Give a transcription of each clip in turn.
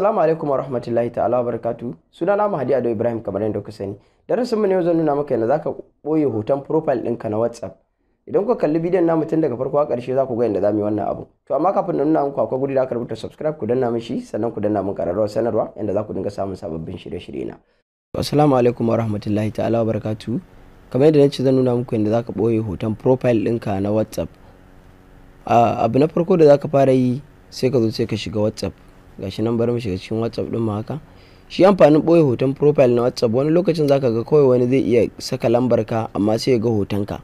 Assalamu alaikum wa rahmatullahi ta'ala wa barakatu. Suna na Mahadi Ado Ibrahim kamar yadda kuka sani. Darasin mu ne zan nuna maka yadda zaka boye hoton profile ɗinka na WhatsApp. Idan kuka kalli bidiyon namu tun daga farko a ƙarshe za ku ga yadda zamu yi wannan abu. To amma kafin na nuna muku akwai guri da aka rubuta subscribe ku danna mishi sannan ku danna mun ƙararrawar sanarwa yadda za ku dinga samun sababbin shirye-shirye na. Assalamu alaikum wa rahmatullahi ta'ala wa barakatu. Kamar yadda nace zan nuna muku yadda zaka boye hoton profile ɗinka na WhatsApp. Ah, abu na farko da zaka fara yi sai ka zo sai ka shiga WhatsApp gashi nan bari mu shiga cikin whatsapp din mu haka shi amfanin boye hoton profile na whatsapp wani lokacin zaka ga kawai wani zai iya saka lambar ka amma sai ya ga hoton ka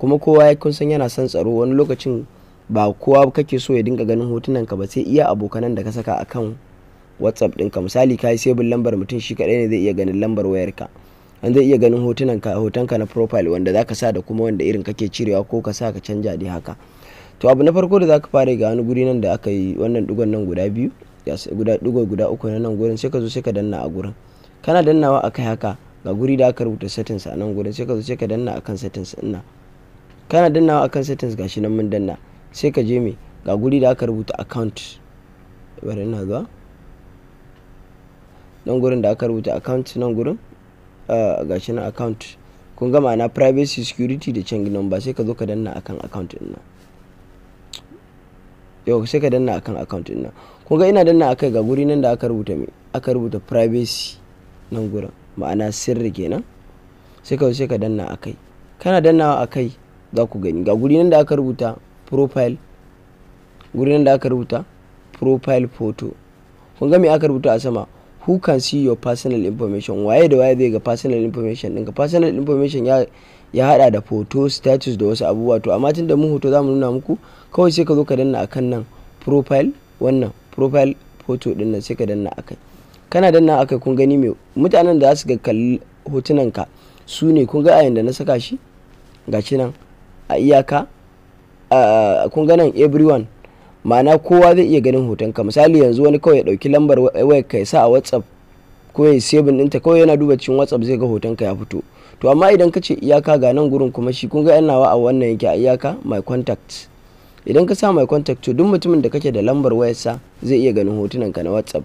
kuma kowa ya kun san yana son tsaro wani lokacin ba kowa kake so ya dinga ganin hotunan ka ba sai iya abokanan da ka saka akan whatsapp din ka misali ka yi bin lambar mutum shi kadai ne zai iya ganin lambar wayarka an zai iya ganin hotunan ka hotonka na profile wanda zaka sa da kuma wanda irin kake cirewa ko ka sa ka canja dai haka to abu na farko da zaka fara ga wani guri nan da aka yi wannan dugon nan guda biyu guda digo guda uku na nan gurin sai ka zo sai ka danna a gurin kana dannawa kai haka ga guri da aka rubuta settings a nan gurin sai ka zo sai ka danna akan settings ina kana dannawa akan settings gashi nan mun danna sai ka je me ga guri da aka rubuta account bari ina zuwa nan gurin da aka rubuta account nan gurin ah, gashi nan account kun gama na privacy security da changing number sai ka zo ka danna akan account din yau sai ka danna akan account din nan kun ga ina danna akai ga guri nan da aka rubuta me aka rubuta privacy nan gurin ma'ana sirri kenan sai ka sai ka danna akai kana dannawa akai za ku gani ga guri nan da aka rubuta profile guri nan da aka rubuta profile photo kun ga me aka rubuta a sama who can see your personal information waye da waye zai ga personal information ɗinka personal information ya ya hada da photo status da wasu abubuwa to amma tun da mu hoto zamu nuna muku kawai sai ka zo ka danna akan nan profile wannan profile photo din nan sai ka danna akai kana danna akai kun gani me mutanen da za su ga kalli hotunan ka su ne kun ga a da na saka shi gashi nan a iyaka kun ga nan everyone ma'ana kowa zai iya ganin hotonka misali yanzu wani kawai ya ɗauki lambar wayar ka ya sa a whatsapp ko ya sebin ɗinta kawai yana duba cikin whatsapp zai ga hotonka ya fito to amma idan ka ce iyaka ga nan gurin kuma shi kun ga yan nawa a wannan yake a iyaka my contact idan ka sa my contact to duk mutumin da kake da lambar sa zai iya ganin hotunanka na whatsapp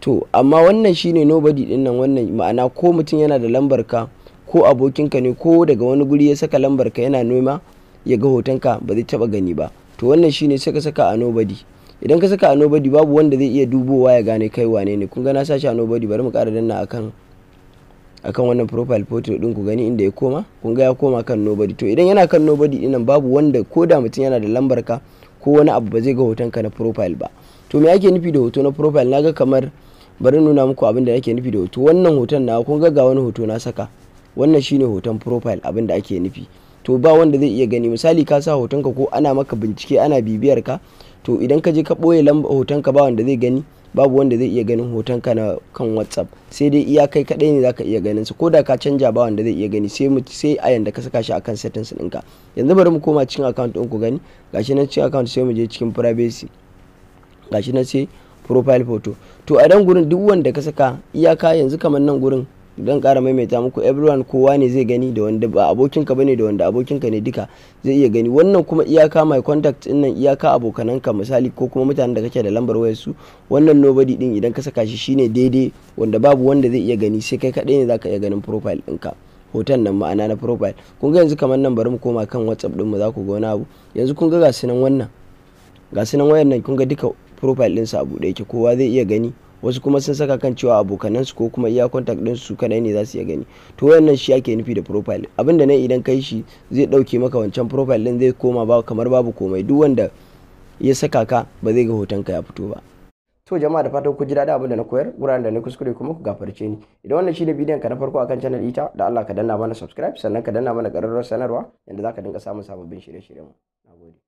to amma wannan shine nobody din nan wannan ma'ana ko mutum yana da lambar ka ko abokinka ne ko daga wani guri ya saka lambar ka yana noma ya ga hotonka ba zai taba gani ba to wannan shine sai ka saka a nobody idan ka saka a nobody babu wanda zai iya dubowa ya gane kai wane ne kun gana na sashi a nobody bari mu kara danna akan akan wannan profile photo din ku gani inda ya koma kun ga ya koma kan nobody to idan yana kan nobody nan babu wanda ko da mutum yana da lambar ka ko wani abu ba zai ga hoton ka na profile ba to me ake nufi da hoto na profile naga kamar bari nuna muku abin da yake nufi da hoto wannan hoton na kun ga ga wani hoto na saka wannan shine hoton profile abin da ake nufi to ba wanda zai iya gani misali ka sa hotonka ko ana maka bincike ana bibiyar ka to idan ka je ka boye lamba hotonka ba wanda zai gani babu wanda zai iya ganin hotonka na kan whatsapp sai dai iya kai kadai ne zaka iya ganin su ko da ka canja ba wanda zai iya gani sai mu sai a yanda ka saka shi akan settings ɗinka yanzu bari mu koma cikin account din ku gani gashi nan cikin account sai mu je cikin privacy gashi nan sai profile photo to a dan gurin duk wanda ka saka iyaka yanzu kamar nan gurin don kara maimaita muku everyone kowa ne zai gani da wanda ba abokinka bane da wanda abokinka ne duka zai iya gani wannan kuma iyaka my contact din nan iyaka abokananka misali ko kuma mutanen da kake da lambar wayar su wannan nobody din idan ka saka shi shine daidai wanda babu wanda zai iya gani sai kai kadai ne zaka iya ganin profile ɗinka hoton nan ma'ana na profile kun ga yanzu kamar nan bari mu koma kan whatsapp din mu za ku ga wani abu yanzu kun ga ga wannan ga nan wayan nan kun ga duka profile ɗinsa abu da yake kowa zai iya gani wasu kuma sun saka kan cewa abokanansu ko kuma iya contact din su kadai ne za su iya gani to wannan shi ake nufi da profile abinda ne idan kai shi zai dauke maka wancan profile din zai koma ba kamar babu komai duk wanda ya saka ka ba zai ga hoton ka ya fito ba to jama'a da fatan ku ji dadi abin da na koyar wuraren da na kuskure kuma ku gafarce ni idan wannan shine bidiyon ka na farko akan channel ita da Allah ka danna mana subscribe sannan ka danna mana ƙararrawar sanarwa yanda zaka dinga samun sababbin shirye-shiryen mu nagode